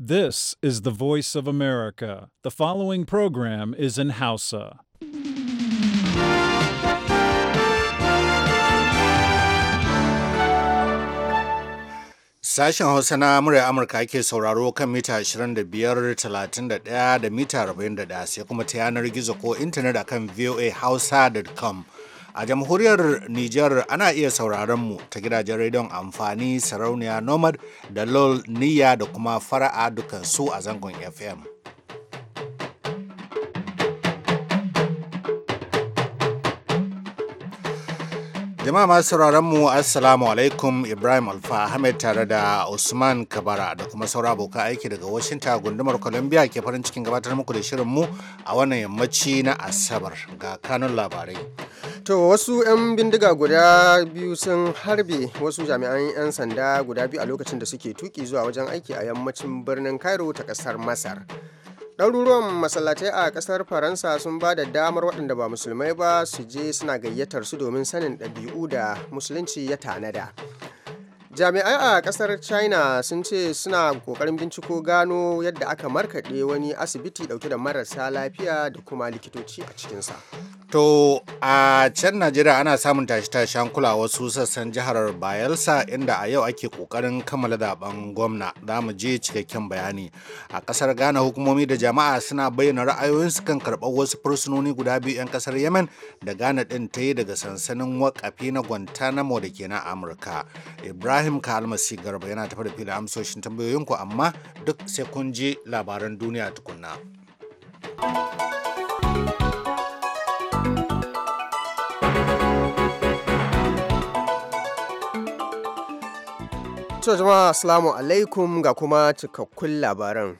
This is the voice of America. The following program is in Hausa. Sashen Hausa na murya Amurka ake sauraro kan mita 25, 31 da mita 41 sai kuma ta yanar gizo ko intanet akan voahausa.com. A jamhuriyar Nijar ana iya sauraron mu ta gidajen rediyon amfani sarauniya Nomad da LOL niya da kuma fara'a dukansu a zangon FM. Jama'a masu sauraron mu Assalamu alaikum Ibrahim Alfa Ahmed tare da Usman Kabara da kuma saura abokan aiki daga Washington gundumar Columbia ke farin cikin gabatar muku da shirin mu a wannan yammaci na Asabar ga kanun labarai. To wasu 'yan bindiga guda biyu sun harbe wasu jami'an 'yan sanda guda biyu a lokacin da suke tuki zuwa wajen aiki a yammacin birnin Cairo ta kasar Masar. ɗaruruwan masallatai a ƙasar faransa sun ba da damar waɗanda ba musulmai ba su je suna gayyatar su domin sanin ɗabi'u da musulunci ya tanada jami'ai a kasar china sun ce suna kokarin binciko gano yadda aka markaɗe wani asibiti dauke da marasa lafiya da kuma likitoci a cikinsa to a can najeriya ana samun tashe-tashen kula wasu sassan jihar bayelsa inda a yau ake kokarin kammala zaben gwamna za mu je cikakken bayani a kasar ghana hukumomi da jama'a suna bayyana ra'ayoyinsu kan karɓar wasu fursunoni guda biyu 'yan kasar yemen da ghana ɗin ta yi daga sansanin wakafi na guantanamo da ke na amurka ibrahim Ibrahim Kalmasi Garba yana tafi da fili amsoshin tambayoyinku amma duk sai kun ji labaran duniya tukunna. To jama'a assalamu alaikum ga kuma cikakkun labaran.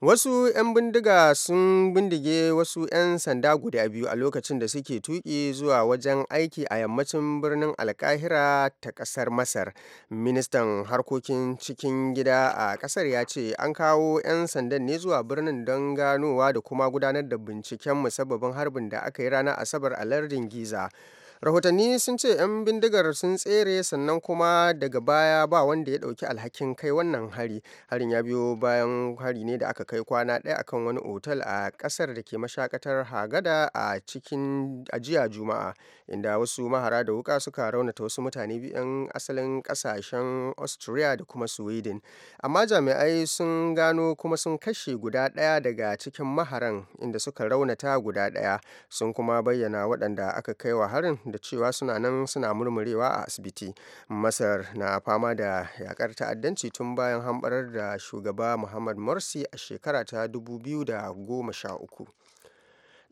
wasu 'yan bindiga sun bindige wasu 'yan sanda guda biyu a lokacin da suke tuki zuwa wajen aiki a yammacin birnin alkahira ta kasar masar ministan harkokin cikin gida a kasar ya ce an kawo 'yan sandan ne zuwa birnin don ganowa da kuma gudanar da binciken musabbabin harbin da aka yi ranar asabar a lardin giza rahotanni sun ce 'yan bindigar sun tsere sannan kuma daga baya ba wanda ya dauki alhakin kai wannan hari harin ya biyo bayan hari ne da aka kai kwana ɗaya akan wani otal a ƙasar da ke mashakatar hagada a cikin ajiya juma'a inda wasu mahara da wuka suka raunata wasu mutane biyan asalin ƙasashen austria da kuma sweden amma jami'ai sun gano kuma sun kashe guda ɗaya daga cikin maharan inda suka raunata guda ɗaya sun kuma bayyana waɗanda aka kai wa harin da cewa suna nan suna murmurewa a asibiti masar na fama da yakar ta'addanci tun bayan hambarar da shugaba muhammad morsi a shekara ta 2013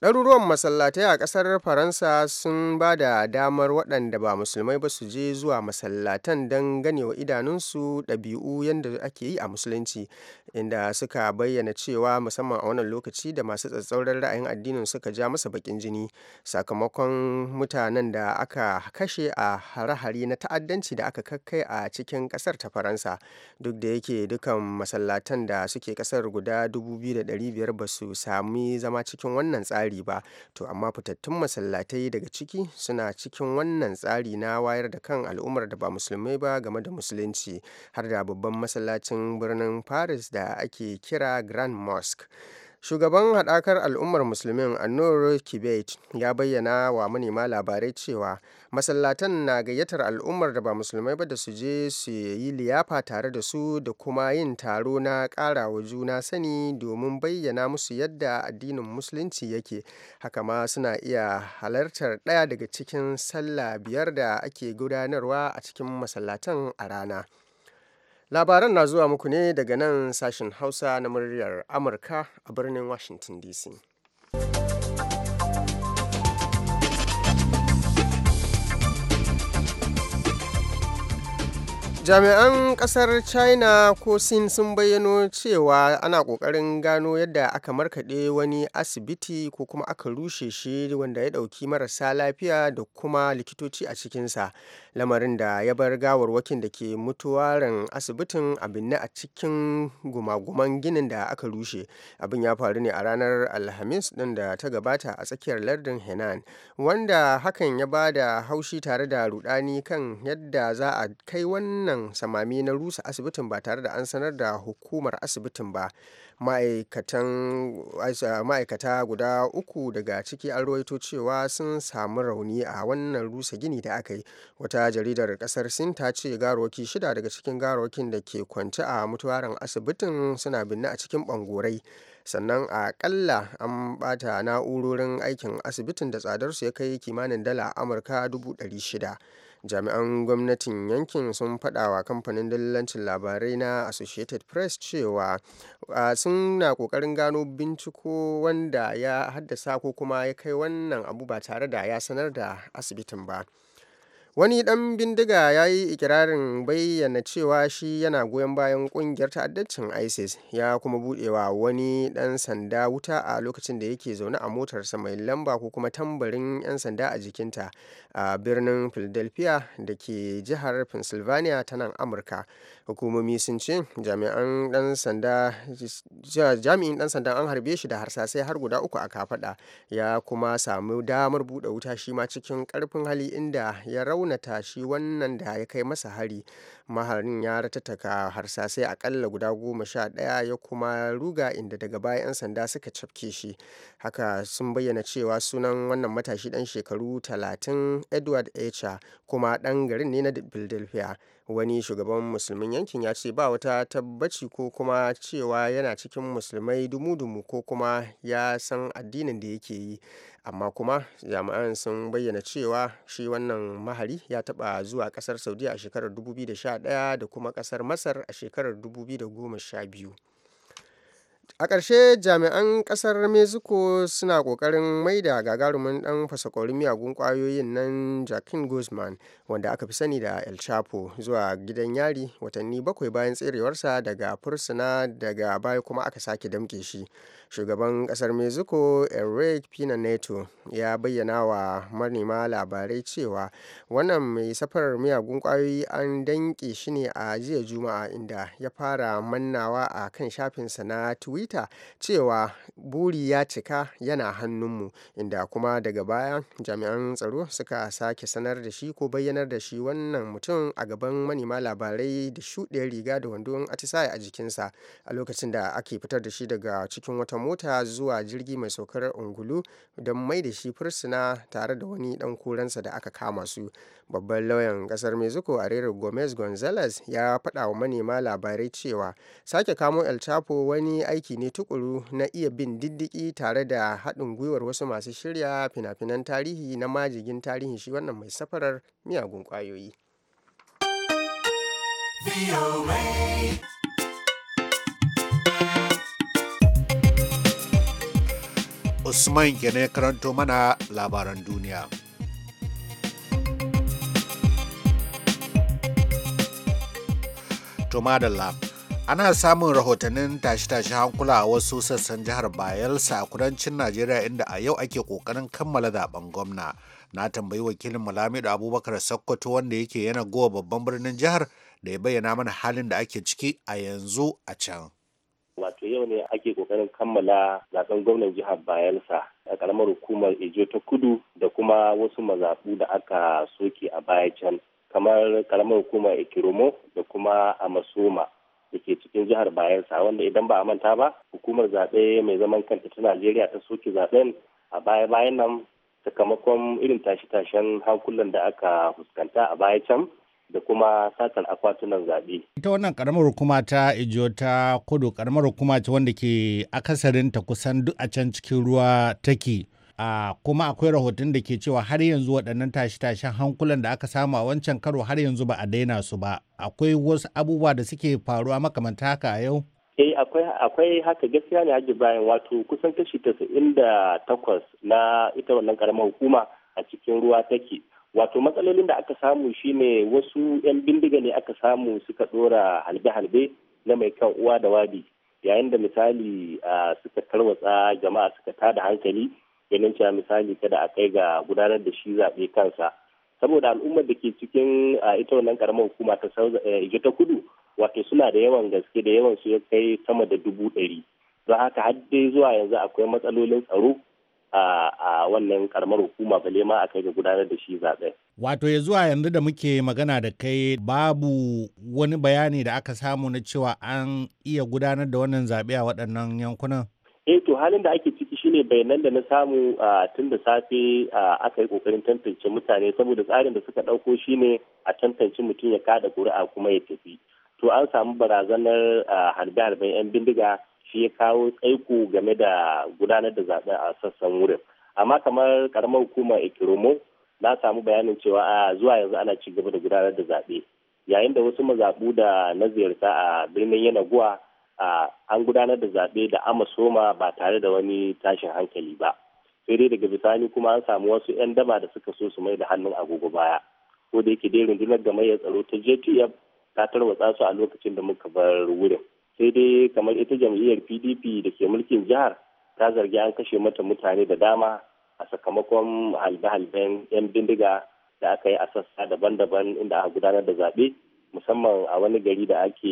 ɗaruruwan masallatai a ƙasar faransa sun ba da damar waɗanda ba musulmai ba su je zuwa masallatan don ganewa idanunsu ɗabi'u yadda ake yi a musulunci inda suka bayyana cewa musamman a wannan lokaci da masu tsatsauran ra'ayin addinin suka ja masa bakin jini sakamakon mutanen da aka kashe a hare-hare na ta'addanci da aka kakkai a cikin ƙasar ta faransa duk da yake dukan masallatan da suke ƙasar guda 2,500 ba su sami zama cikin wannan tsari tsari ba to amma fitattun masallatai daga ciki suna cikin wannan tsari na wayar da kan al'ummar da ba musulmai ba game da musulunci har da babban masallacin birnin paris da ake kira grand mosque shugaban haɗakar al'ummar musulmin annur kibet ya bayyana wa manema labarai cewa masallatan na gayyatar al'ummar da ba musulmai ba da su je su yi liyafa tare da su da kuma yin taro na ƙara wa juna sani domin bayyana musu yadda addinin musulunci yake haka ma suna iya halartar ɗaya daga cikin sallah biyar da ake gudanarwa a cikin masallatan a rana labaran na zuwa muku ne daga nan sashen hausa na muryar amurka a birnin washington dc jami'an kasar china ko sin sun bayyano cewa ana kokarin gano yadda aka markaɗe wani asibiti ko kuma aka rushe shi wanda ya ɗauki marasa lafiya da kuma likitoci a cikinsa lamarin da ya bar gawarwakin da ke mutuwaran asibitin abin a cikin gumaguman ginin da aka rushe abin ya faru ne a ranar alhamis ɗin da ta gabata a tsakiyar lardin henan wanda hakan ya ba da haushi tare da rudani kan yadda za a kai wannan wannan samami na rusa asibitin ba tare da an sanar da hukumar asibitin ba ah, ma'aikata guda uku daga ciki an rawaito cewa sun samu rauni a wannan rusa gini da aka yi wata jaridar kasar sin ta ce garowaki shida daga cikin garokin da ke kwance a mutuwarin asibitin suna binne a cikin bangorai sannan a kalla an bata na'urorin aikin asibitin da tsadarsu ya kai kimanin dala amurka 600 jami'an gwamnatin yankin sun faɗawa kamfanin dillancin labarai na associated press cewa sun na kokarin gano binciko wanda ya haddasa ko kuma ya kai wannan abu ba tare da ya sanar da asibitin ba wani dan bindiga ya yi ikirarin bayyana cewa shi yana goyon bayan kungiyar ta'addancin isis ya kuma budewa wani dan sanda wuta a lokacin da yake zaune a motarsa mai lamba ko kuma tambarin 'yan sanda a jikinta a birnin philadelphia da ke jihar pennsylvania ta nan amurka hukumomi sun ce jami'in dan sanda an harbe shi da harsasai har guda uku a kafada ya kuma samu damar buɗe wuta shi ma cikin karfin hali inda ya raunata shi wannan da ya kai masa hari maharin ya ratattaka harsasai akalla guda goma sha ɗaya ya kuma ruga inda daga baya 'yan sanda suka cafke shi haka sun bayyana cewa sunan wannan matashi dan shekaru talatin edward echa kuma ɗan garin ne na philadelphia wani shugaban musulmin yankin ya ce ba wata tabbaci ko kuma cewa yana cikin musulmai dumu-dumu ko kuma ya san addinin da yake yi amma kuma jami'an sun bayyana cewa shi wannan mahari ya taɓa zuwa ƙasar saudiya a shekarar 2011 da kuma ƙasar masar a shekarar 2012 a ƙarshe jami'an ƙasar mexico suna ƙoƙarin maida gagarumin ɗan fasakwari miyagun ƙwayoyin nan jakin guzman wanda aka fi sani da el chapo zuwa gidan yari watanni bakwai bayan tserewarsa daga fursuna daga baya kuma aka sake damƙe shi shugaban ƙasar mexico eric pina neto ya bayyana wa manema labarai cewa wannan mai safarar miyagun ƙwayoyi an danƙe shi ne a jiya juma'a inda ya fara mannawa a kan shafinsa na twitter twitter cewa buri ya cika yana hannunmu inda kuma daga baya jami'an tsaro suka sake sanar da shi ko bayyanar da shi wannan mutum a gaban manema labarai da shuɗe riga da wandon atisaye a jikinsa a lokacin da ake fitar da shi daga cikin wata mota zuwa jirgi mai saukar ungulu don mai da shi fursuna tare da wani ɗan kuransa da aka kama su babban lauyan ƙasar mexico arero gomez gonzalez ya faɗa wa manema labarai cewa sake kamo el chapo wani aiki ne tukuru na iya bin diddiki tare da haɗin gwiwar wasu masu shirya fina-finan tarihi na majigin tarihin shi wannan mai safarar miyagun ƙwayoyi. Usman ke ne karanto mana labaran duniya. To madalla. ana samun rahotannin tashe tashen hankula a wasu sassan jihar bayelsa a kudancin najeriya inda a yau ake kokarin kammala zaben gwamna na tambayi wakilin malamido abubakar sokoto wanda yake yana gowa babban birnin jihar da ya bayyana mana halin da ake ciki a yanzu a can wato yau ne ake kokarin kammala zaben gwamnan jihar bayelsa a karamar hukumar ejo ta kudu da kuma wasu mazaɓu da aka soke a baya can kamar karamar hukumar ikiromo da kuma amasoma da ke cikin jihar Bayelsa wanda idan ba a manta ba hukumar zaɓe mai zaman kanta ta Najeriya ta soke zaɓen a baya-bayan nan sakamakon irin tashe tashen hankulan da aka fuskanta a baya can da kuma satan akwatunan zaɓe. Ita wannan karamar hukuma ta Ijo ta kudu karamar hukuma ce wanda ke akasarin ta kusan duk a can cikin ruwa take. Uh, kuma akwai rahoton da ke cewa har yanzu waɗannan tashe-tashen hankulan da aka samu a wancan karo har yanzu ba a daina su ba akwai wasu abubuwa da suke faruwa makamanta haka a yau eh akwai haka gaskiya ne Haji bayan wato kusan kashi tasa'in da takwas na ita wannan karamar hukuma a cikin ruwa take wato matsalolin da aka samu shine wasu 'yan bindiga ne aka samu suka ɗora halbe-halbe na mai kan uwa da wabi yayin da misali suka karwatsa jama'a suka tada hankali ganin cewa misali kada a kai ga gudanar da shi zaɓe kansa saboda al'ummar da ke cikin ita wannan karamar hukuma ta eh, ije ta kudu wato suna da yawan gaske da yawan su ya kai sama da dubu ɗari don haka har dai zuwa yanzu akwai matsalolin tsaro a wannan karamar hukuma bale ma a kai ga gudanar da shi zaɓe. Wato ya zuwa yanzu da muke magana da kai babu wani bayani da aka samu na cewa an iya gudanar da wannan zaɓe a waɗannan yankunan? Eh to halin da ake ciki shine bayanan da na samu tun da safe aka yi kokarin tantance mutane saboda tsarin da suka ɗauko shine a tantance mutum ya kada kuri'a kuma ya tafi to an samu barazanar harbe harben yan bindiga shi ya kawo tsaiko game da gudanar da zaɓe a sassan wurin amma kamar karamar hukumar ikiromo na samu bayanin cewa a zuwa yanzu ana ci gaba da gudanar da zaɓe yayin da wasu mazaɓu da na ziyarta a birnin yanaguwa an gudanar da zaɓe da ama soma ba tare da wani tashin hankali ba sai dai daga bisani kuma an samu wasu 'yan daba da suka so su mai da hannun agogo baya ko da yake dai rundunar gamayyar tsaro ta jtf ta tarwatsa su a lokacin da muka bar wurin sai dai kamar ita jam'iyyar pdp da ke mulkin jihar ta zargi an kashe mata mutane da dama a sakamakon halbe-halben 'yan bindiga da aka yi a sassa daban-daban inda aka gudanar da zaɓe musamman a wani gari da ake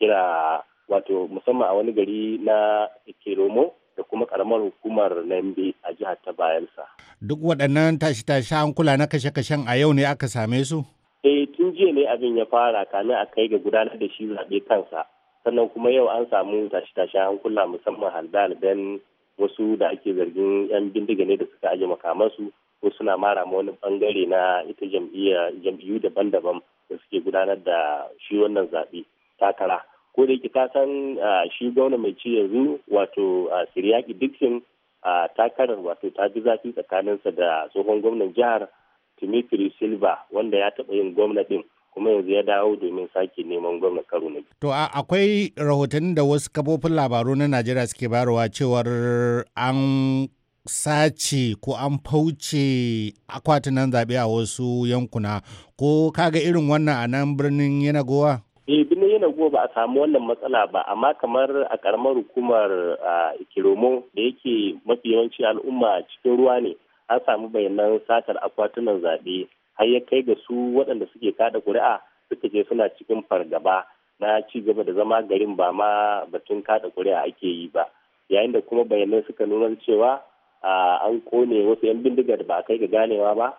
kira wato musamman a wani gari na Keromo da kuma karamar hukumar Nambe a jihar ta Bayelsa. Duk waɗannan tashi-tashi hankula na kashe-kashen a yau ne aka same su? Eh tun jiya ne abin ya fara kame a kai ga gudanar da shi zaɓe kansa. Sannan kuma yau an samu tashi-tashi hankula musamman halbe dan wasu da ake zargin 'yan bindiga ne da suka aje makamansu ko suna mara ma wani bangare na ita jam'iyyu daban-daban da suke gudanar da shi wannan zaɓe takara. ko da yake ta san shi gauna mai ci yanzu wato siriyaki dixon takarar wato ta ji zafi tsakaninsa da tsohon gwamnan jihar timitri Silva wanda ya taɓa yin gwamna din kuma yanzu ya dawo domin sake neman gwamna karo na To akwai rahotannin da wasu kafofin labaru na Najeriya suke barowa cewar an sace ko an fauce akwatunan zaɓe a wasu yankuna ko kaga irin wannan a nan birnin Yanagowa? eh birnin yana goma ba a samu wannan matsala ba amma kamar a karamar hukumar ikiromo da yake mafi yawanci al'umma cikin ruwa ne an samu bayanan satar akwatunan zaɓe har ya kai ga su waɗanda suke kada ƙuri'a suka je suna cikin fargaba na ci gaba da zama garin ba ma batun kada ƙuri'a ake yi ba yayin da kuma bayanan suka nuna cewa an kone wasu 'yan bindigar ba a kai ga ganewa ba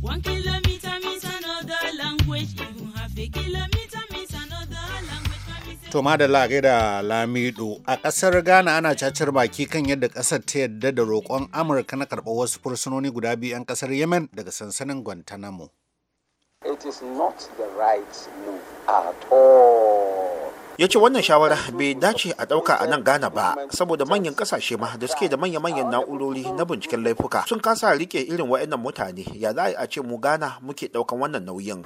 One kilometer means another language. Even half a kilometer means another language. To madalla Lamido a ƙasar Ghana ana cacar baki kan yadda ƙasar ta yadda da roƙon Amurka na karɓar wasu fursunoni guda biyu 'yan ƙasar Yemen daga sansanin Guantanamo. It is not the right move at all. ya ce wannan shawara bai dace a ɗauka a nan ghana ba saboda manyan ƙasashe ma da suke da manya-manyan na'urori na binciken laifuka sun kasa rike irin wa'annan mutane ya za a ce mu ghana muke ɗaukan wannan nauyin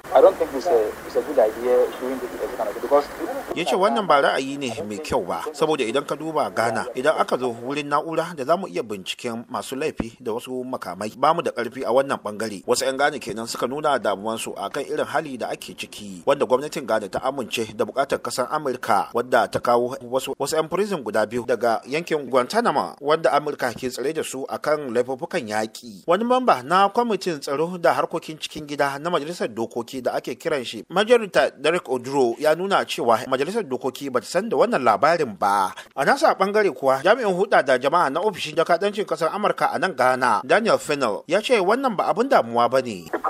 ya ce wannan ba ra'ayi ne mai kyau ba saboda idan ka duba ghana idan aka zo wurin na'ura da za mu iya binciken masu laifi da wasu makamai ba mu da karfi a wannan bangare wasu 'yan ghana kenan suka nuna damuwansu akan irin hali da ake ciki wanda gwamnatin ghana ta amince da bukatar kasar amurka wadda ta kawo wasu 'yan prison guda biyu daga yankin guantanamo wanda amurka ke tsare da su akan laifuffukan yaƙi wani mamba na kwamitin tsaro da harkokin cikin gida na majalisar dokoki da ake kiran shi majalita derek odro ya nuna cewa majalisar dokoki ba ta san da wannan labarin ba a nasa bangare kuwa jami'in huda da jama'a na ofishin jakadancin kasar amurka a nan ghana daniel fennel ya ce wannan ba abin damuwa ba ne uh,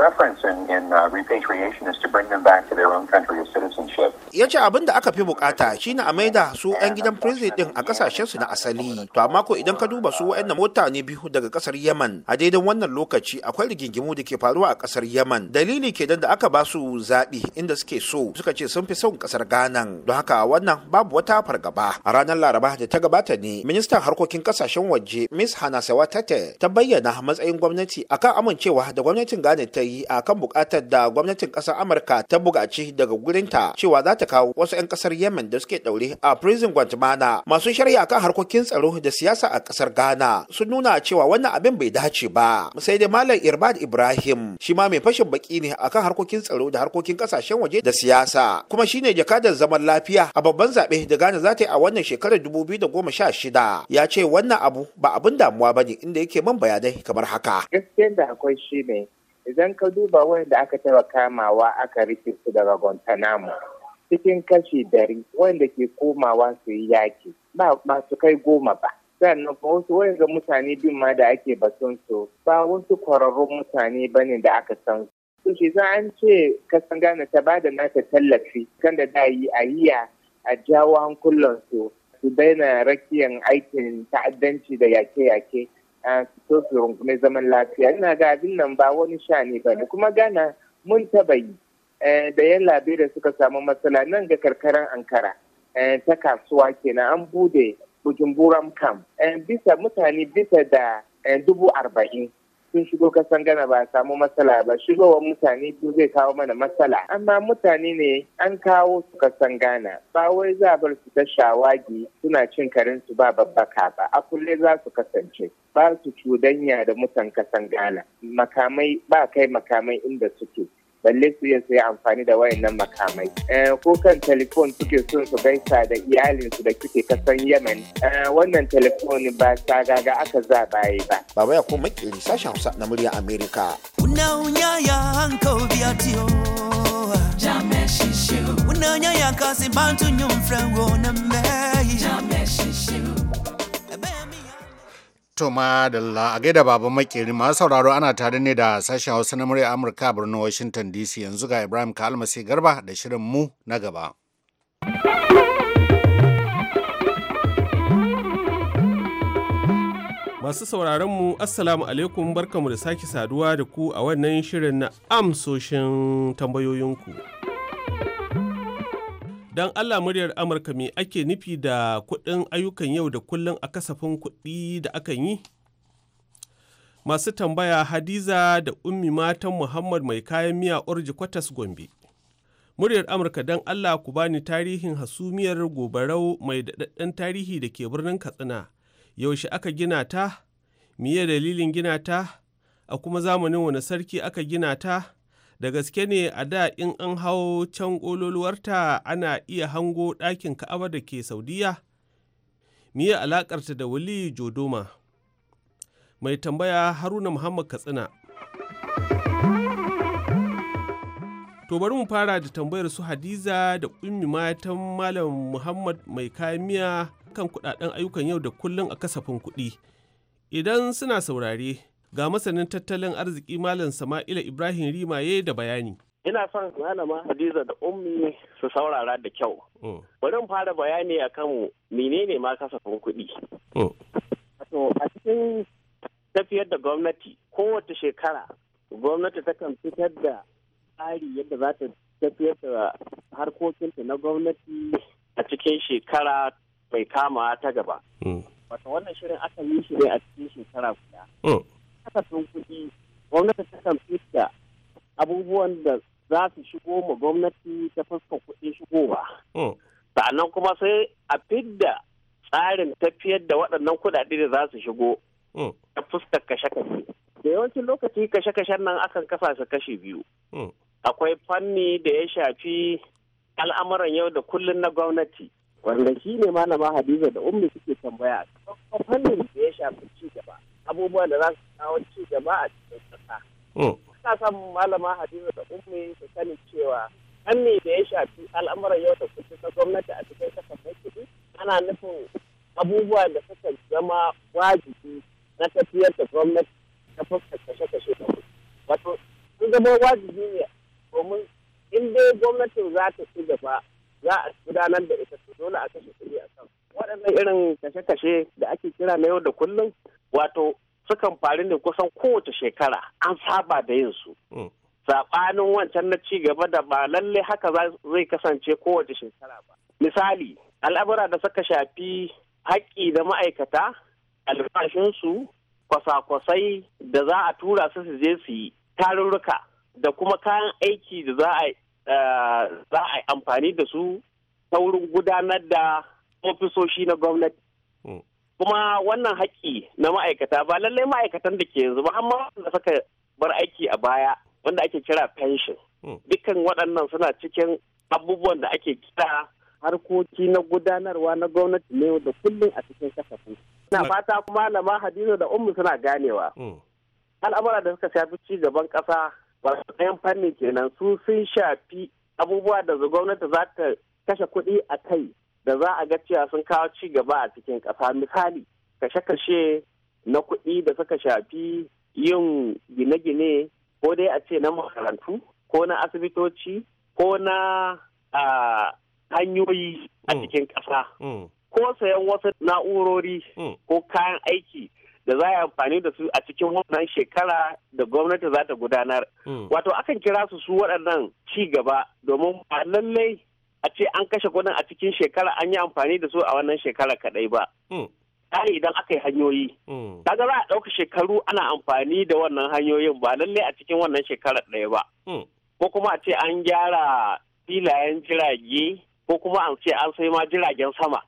ya ce abin da aka fi bukata shine a maida su 'yan gidan prison din a kasashensu na asali to amma ko idan ka duba su mota ne biyu daga kasar yaman a daidai wannan lokaci akwai rigingimu da ke faruwa a kasar yaman dalili kenan da aka ba su zaɓi inda suke so suka ce sun fi son kasar ghana don haka wannan babu wata fargaba a ranar laraba da ta gabata ne ministan harkokin kasashen waje miss hana sawatate ta bayyana matsayin gwamnati akan amincewa da gwamnatin ghana ta yi akan bukatar da gwamnatin kasar amurka ta buƙaci daga gurinta cewa za ta kawo wasu 'yan kasar yemen da suke daure a prison guantanamo masu shari'a akan harkokin tsaro da siyasa a kasar ghana sun nuna cewa wannan abin bai dace ba sai dai malam irbad ibrahim shi ma mai fashin baki ne akan harkokin tsaro da harkokin kasashen waje da siyasa kuma shine jakadar zaman lafiya a babban zaɓe da Ghana za ta yi a wannan shekarar 2016 ya ce wannan abu ba abin damuwa ba ne inda yake man bayanai kamar haka. gaskiya da akwai shi ne idan ka duba wanda aka taɓa kamawa aka rike su daga Guantanamo cikin kashi dari wanda ke komawa su yi yaki ba masu kai goma ba. sannan kuma wasu wanda mutane bin ma da ake batun su ba wasu kwararrun mutane ba ne da aka san to shi za an ce kasan gane ta bada da nata tallafi kan da dayi a yiya a jawo hankulan su su daina rakiyan aikin ta'addanci da yake-yake a to su rungume zaman lafiya ina ga abin nan ba wani shani ba ne kuma gana mun tabayi eh, da yan da suka samu matsala nan ga karkarar ankara eh, ta kasuwa kenan an bude bujumburan kam eh, bisa mutane bisa da dubu arba'in sun shigo kasan gana ba samu matsala ba shigowar mutane su zai kawo mana matsala amma mutane ne an kawo su kasan gana ba wai za bar su ta shawagi suna cin karin su ba babbaka ba a kulle za su kasance ba su cudanya da mutan kasan gana makamai ba kai makamai inda suke balle su iya su yi amfani da wayannan makamai eh, ko kan telefon suke son su gaisa da iyalinsu da suke kasan yemen eh, wannan telefon ba gaga aka zaba yi ba baba ya ko makiri sashen hausa na murya amerika unaunyaya nkoviatio jameshishu unaunyaya kasi bantu nyumfre wonamei To madalla a gaida baban makeri masu sauraro ana tare ne da sashen Hausa na murya Amurka birnin Washington DC yanzu ga Ibrahim Kalmasi Garba da shirin mu na gaba. Masu sauraron mu Assalamu alaikum barkamu da sake saduwa da ku a wannan shirin na amsoshin tambayoyinku. Don Allah muryar Amurka me ake nufi da kuɗin ayyukan yau da kullum a kasafin kuɗi da akan yi? Masu tambaya Hadiza da ummi matan Muhammad mai kayan miya Orji Kwatas Gombe. Muryar Amurka don Allah ku bani tarihin hasumiyar gobarau mai daɗaɗɗen tarihi da ke birnin Katsina. Yaushe aka gina ta? Miye dalilin gina ta? A kuma zamanin wani sarki aka gina ta? da gaske ne a da in an hau can ƙololuwarta ana iya hango ɗakin ka'aba da ke saudiya miye alaƙarta da wali jodoma mai tambaya haruna muhammad katsina to bari mu fara da tambayar su hadiza da ƙummi matan malam muhammad mai kayan miya kan kudaden ayyukan yau da kullum a kasafin kuɗi idan suna saurare Ga masanin tattalin arziki Malam Sama'ila Ibrahim Rimaye da bayani. Ina son malama Hadiza da Ummi su saurara da kyau. Oh. Bari in fara bayani a akan menene ma kasafin kuɗi. Oh. A cikin tafiyar da gwamnati kowace shekara gwamnati takan fitar da tsari yadda za ta tafiyar da harkokinta na gwamnati a cikin shekara mai kama ta gaba. Oh. Wata wannan shirin aka yi shi ne a cikin shekara guda. kasafin kuɗi gwamnati ta kan fita abubuwan da za su shigo ma gwamnati ta fuskar kuɗin shigowa. Hmm. Sa'annan kuma sai a fidda tsarin tafiyar da waɗannan kuɗaɗe da za su shigo hmm. ta fuskar kashe-kashe. Da yawancin lokaci kashe-kashen nan akan kasa su kashe biyu. Hmm. Akwai fanni da ya shafi al'amuran yau da kullun na gwamnati. Wanda shi ne malama Hadiza da Ummi suke tambaya. Fannin da ya shafi ci gaba. abubuwan da za su kawo ci gaba a cikin ƙasa. Oh. Ina son malama Hadiza da Ummi su sani cewa fanni da ya shafi al'amuran yau da kullum na gwamnati a cikin kasar kuɗi ana nufin abubuwa da suka zama wajibi na tafiyar da gwamnati ta fuskar kashe-kashe da kuɗi. Wato sun zama wajibi ne domin in dai gwamnatin za ta ci gaba za a gudanar da ita su dole a kashe kuɗi a kan waɗannan irin kashe-kashe da ake kira na yau da kullum wato sukan faru ne kusan kowace shekara an saba da yin su hmm. saɓanin wancan na ci gaba da ba lalle haka zai kasance kowace shekara ba misali al'amura da suka shafi haƙƙi da ma'aikata albashinsu kwasa-kwasai da za a tura su su je su yi tarurruka da kuma kayan aiki da za a eh, yi amfani da su ta wurin gudanar da ofisoshi na gwamnati hmm. kuma wannan haƙƙi na ma'aikata ba lallai ma'aikatan da ke yanzu ba amma wanda suka bar aiki a baya wanda ake kira pension hmm. dukkan waɗannan suna cikin abubuwan da ake kira harkoki na gudanarwa na gwamnati ne da kullum a cikin kasafin na hmm. fata kuma malama hadiza da ummu suna ganewa hmm. al'amura da suka shafi ci gaban ƙasa ba su ɗayan fanni kenan su sun shafi abubuwa da gwamnati za ta kashe kuɗi a kai da za a ga cewa sun kawo ci gaba a cikin ƙasa misali kashe-kashe na kuɗi da suka shafi yin gine-gine ko dai a ce na makarantu ko na asibitoci ko na hanyoyi a mm. cikin ƙasa mm. ko sayan wasu na'urori mm. ko kayan aiki da za a amfani da su a cikin wannan shekara da gwamnati za ta gudanar wato akan kira su su waɗannan ci gaba domin ba lallai a ce an kashe kudin a cikin shekara an yi amfani da su a wannan shekara kadai ba. Hmm. Tsari idan aka yi hanyoyi. Hmm. Kaga za a ɗauka shekaru ana amfani da wannan hanyoyin ba lalle a cikin wannan shekara ɗaya ba. Hmm. Ko kuma a ce an gyara filayen jirage ko kuma an ce an sai ma jiragen sama.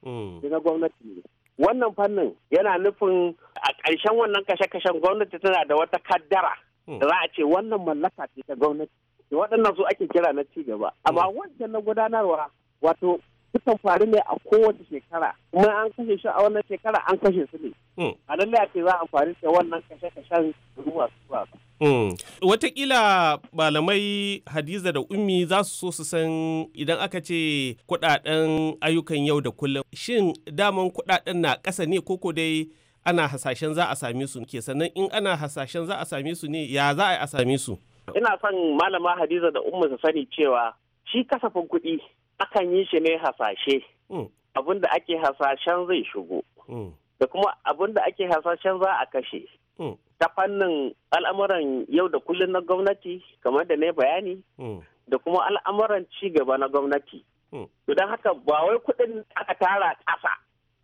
Na gwamnati ne. Wannan fannin yana nufin a ƙarshen wannan kashe-kashen gwamnati tana da wata kaddara. Da za a ce wannan mallaka ce ta gwamnati. da waɗannan su ake kira na ci gaba amma mm. wancan na gudanarwa wato sukan faru ne a kowace shekara kuma an kashe shi a wannan shekara an kashe su ne mm. a lallai a za a faru da wannan kashe-kashen ruwa zuwa mm. Watakila malamai Hadiza da Ummi za su so su san idan aka ce kuɗaɗen ayyukan yau da kullum. Shin daman kuɗaɗen na ƙasa ne koko dai ana hasashen za a same su ke sannan in ana hasashen za a same su ne ya za a same su? ina son malama hadiza da umma su sani cewa shi kasafin kuɗi akan yi shi ne hasashe hmm. abin da ake hasashen zai shigo hmm. da kuma abin da ake hasashen za a kashe hmm. ta fannin al'amuran yau da kullum na gwamnati kamar da na bayani da kuma al'amuran ci gaba na gwamnati don haka ba wai kuɗin aka tara ƙasa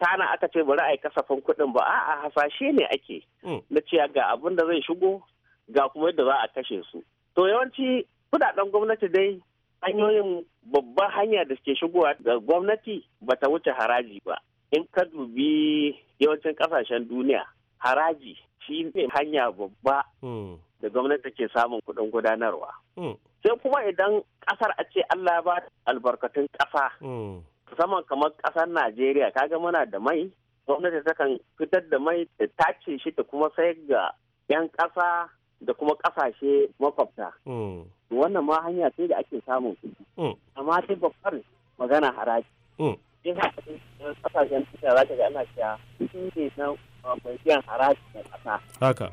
tana aka ce bari a yi kasafin kuɗin ba a'a hasashe ne ake na ciya ga abin da zai shigo ga kuma yadda za a kashe su to yawanci kudaden gwamnati dai hanyoyin babban hanya da suke shigowa ga gwamnati ba ta wuce haraji ba in ka dubi yawancin kasashen duniya haraji shi ne hanya babba hmm. da gwamnati ke samun kuɗin gudanarwa hmm. sai kuma idan ƙasar a ce allah ba albarkatun ƙasa hmm. musamman kamar ƙasar najeriya kaga muna da mai gwamnati takan fitar da mai da tace shi ta kuma sayar ga 'yan ƙasa da kuma kasashe makwabta. Mm. Wannan ma hanya sai da ake samun kuɗi. Mm. Amma sai babbar magana haraji. Mm. ga ana uh,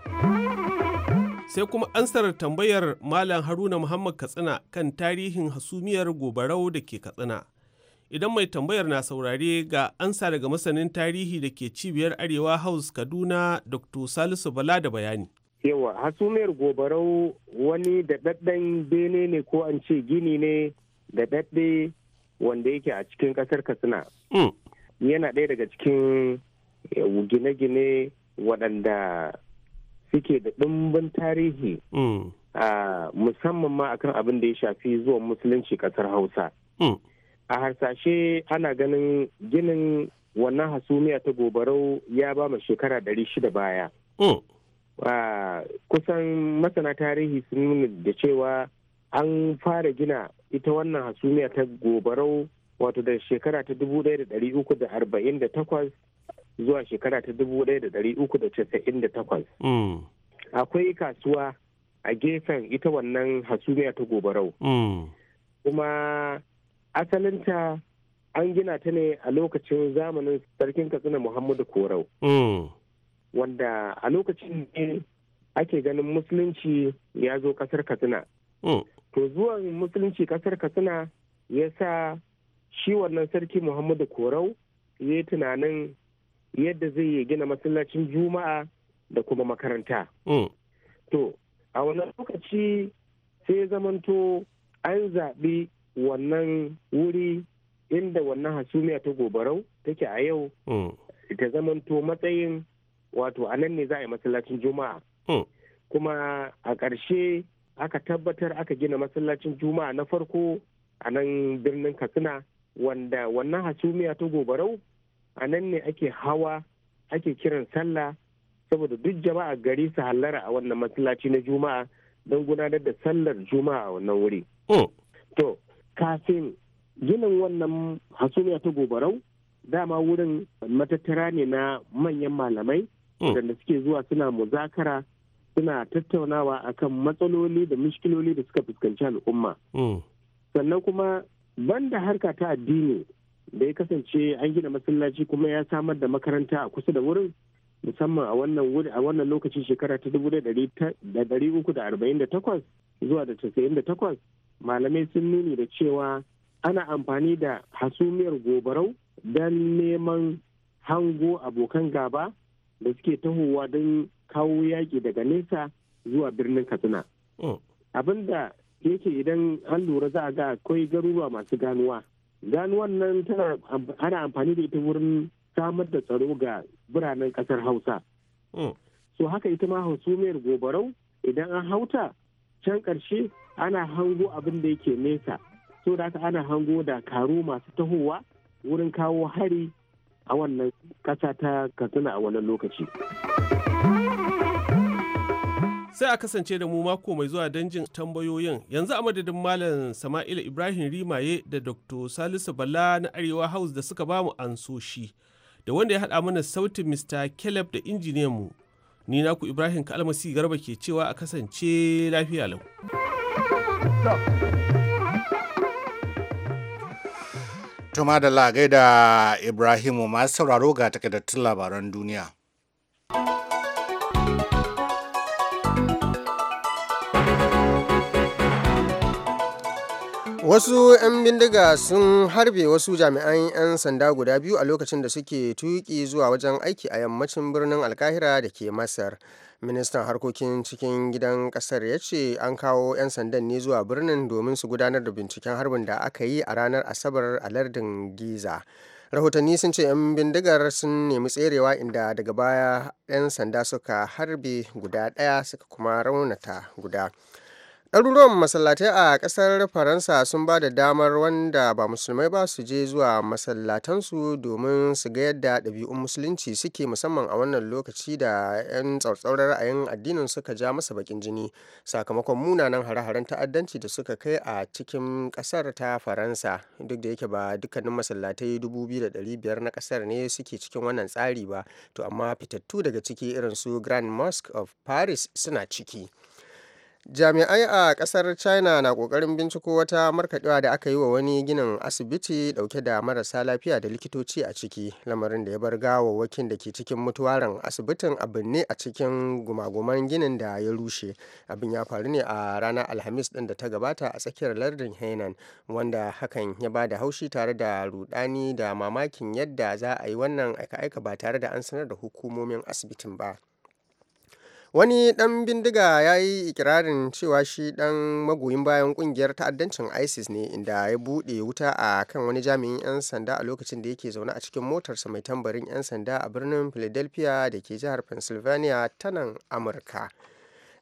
Sai kuma ansar tambayar Malam Haruna Muhammad Katsina kan tarihin hasumiyar gobarau da ke Katsina. Idan mai tambayar na saurare ga ansa daga masanin tarihi da ke cibiyar Arewa House Kaduna Dr. Salisu Bala da bayani. yawa hasumiyar gobarau wani daɗaɗɗen bene ne ko an ce gini ne daɗaɗɗe wanda yake a cikin ƙasar katsina mm. yana ɗaya daga cikin gine-gine waɗanda suke da ɗumbin tarihi mm. a musamman ma akan abin da ya shafi zuwan musulunci ƙasar hausa mm. a harsashe ana ganin ginin wannan hasumiya ta gobarau ya ba shekara 600 baya. A kusan masana tarihi sun nuna da cewa an fara gina ita wannan hasumiya ta gobarau wato da shekara ta 1348 zuwa shekara ta 1398 mm. akwai kasuwa a gefen ita wannan hasumiya ta gobarau mm. kuma asalinta an gina ta ne a lokacin zamanin sarkin katsina muhammadu korau mm. wanda a lokacin ne ake ganin musulunci ya zo kasar katsina oh. to zuwan musulunci kasar katsina ya sa shi wannan sarki muhammadu korau ya yi tunanin yadda zai yi gina masallacin juma'a da kuma makaranta oh. to a wannan lokaci sai zamanto an zaɓi wannan wuri inda wannan hasumiya ta gobarau take a yau oh. ta zamanto matsayin wato a nan ne za a yi masallacin juma'a hmm. kuma a ƙarshe aka tabbatar aka gina masallacin juma'a na farko a nan birnin katsina wanda wannan hasumiya ta gobarau a nan ne ake hawa ake kiran sallah saboda duk jama'a gari su hallara a wannan masallaci na juma'a don gudanar da sallar juma'a a wannan wuri hmm. to kafin ginin wannan hasumiya ta gobarau dama wurin matattara ne na manyan malamai Mm. waɗanda suke zuwa suna muzakara suna tattaunawa akan matsaloli da mishkiloli da suka fuskanci al'umma mm. sannan kuma banda harka ta addini da ya kasance an gina masallaci kuma ya samar da makaranta a kusa da wurin musamman a wannan a wannan lokacin shekara ta dubu da dari uku da arba'in da takwas zuwa da casa'in da takwas malamai sun nuni da cewa ana amfani da hasumiyar gobarau don neman hango abokan gaba da suke tahowa don kawo yaƙi daga nesa zuwa birnin katsina oh. abin da yake idan an lura za a ga akwai garuruwa masu ganuwa ganuwan nan tana ana amfani da ita wurin samar da tsaro ga biranen kasar hausa oh. so haka ita ma hasumiyar gobarau idan an hauta can ƙarshe ana hango abin da yake nesa so da haka ana hango da karu masu tahowa wurin kawo hari a wannan kasa ta katsina a wannan lokaci. sai a kasance da mu mako mai zuwa don jin tambayoyin yanzu a madadin malam sama'ila ibrahim rimaye da dr salisu bala na arewa house da suka bamu ansoshi da wanda ya haɗa mana sautin mr caleb da injiniyan mu ni naku ibrahim kalmasi garba ke cewa a kasance lafiya lau Tuma da lagai da Ibrahimu masu sauraro ga takardattun labaran duniya. Wasu 'yan bindiga sun harbe wasu jami'an 'yan sanda guda biyu a lokacin da suke tuki zuwa wajen aiki a yammacin birnin Alkahira da ke Masar. ministan harkokin cikin gidan kasar ya ce an kawo 'yan sandan ne zuwa birnin domin su gudanar da binciken harbin da aka yi a ranar asabar a lardin giza rahotanni sun ce 'yan bindigar sun nemi tserewa inda daga baya 'yan sanda suka harbe guda daya suka kuma raunata guda ɗaruruwan masallatai a ƙasar faransa sun ba da damar wanda ba musulmai ba su je zuwa masallatansu domin su ga yadda ɗabi'un musulunci suke musamman a wannan lokaci da 'yan tsautsauran ra'ayin addinin suka ja masa bakin jini sakamakon munanan hare-haren ta'addanci da suka kai a cikin ƙasar ta faransa duk da yake ba dukkanin masallatai 2,500 na ƙasar ne suke cikin wannan tsari ba to amma fitattu daga ciki irin su grand mosque of paris suna ciki. jami'ai a kasar china na kokarin binciko wata markaɗewa da aka yi wa wani ginin asibiti dauke da marasa lafiya da likitoci a ciki lamarin da ya bar gawawwakin da ke cikin mutuwaran asibitin abin ne a cikin gumaguman ginin da ya rushe abin ya faru ne a ranar alhamis din da ta gabata a tsakiyar lardin hainan wanda hakan ya ba da haushi tare da rudani da mamakin yadda za a yi wannan aika-aika ba tare da an sanar da hukumomin asibitin ba wani dan bindiga ya yi ikirarin cewa shi dan magoyin bayan kungiyar ta'addancin isis ne inda ya bude wuta a kan wani jami'in 'yan sanda a lokacin da yake zaune a cikin motarsa mai tambarin 'yan sanda a birnin philadelphia da ke jihar pennsylvania ta nan amurka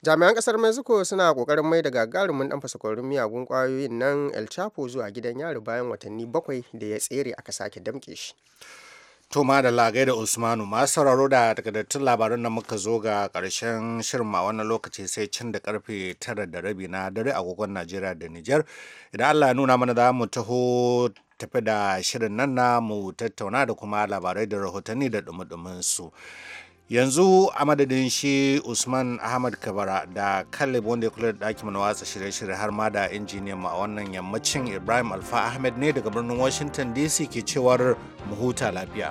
jami'an kasar mexico suna kokarin mai da gagarumin dan fasakwarin miyagun kwayoyin nan el chapo zuwa gidan yari bayan watanni bakwai da ya tsere aka sake damke shi toma da lagai da Usmanu masu sauraro da takardattun labaran da muka zo ga karshen shirin ma wannan lokaci sai cin da karfe tara da rabi na dare agogon Najeriya da Nijar. Idan Allah nuna mana za mu taho tafi da shirin nan na mu tattauna da kuma labarai da rahotanni da dumi su. yanzu a madadin shi usman ahmad kabara da kalib wanda ya kula da ɗakin na watsa shirye-shirye har ma da injiniyan ma a wannan yammacin ibrahim alfa ahmed ne daga birnin washington dc ke cewar mu huta lafiya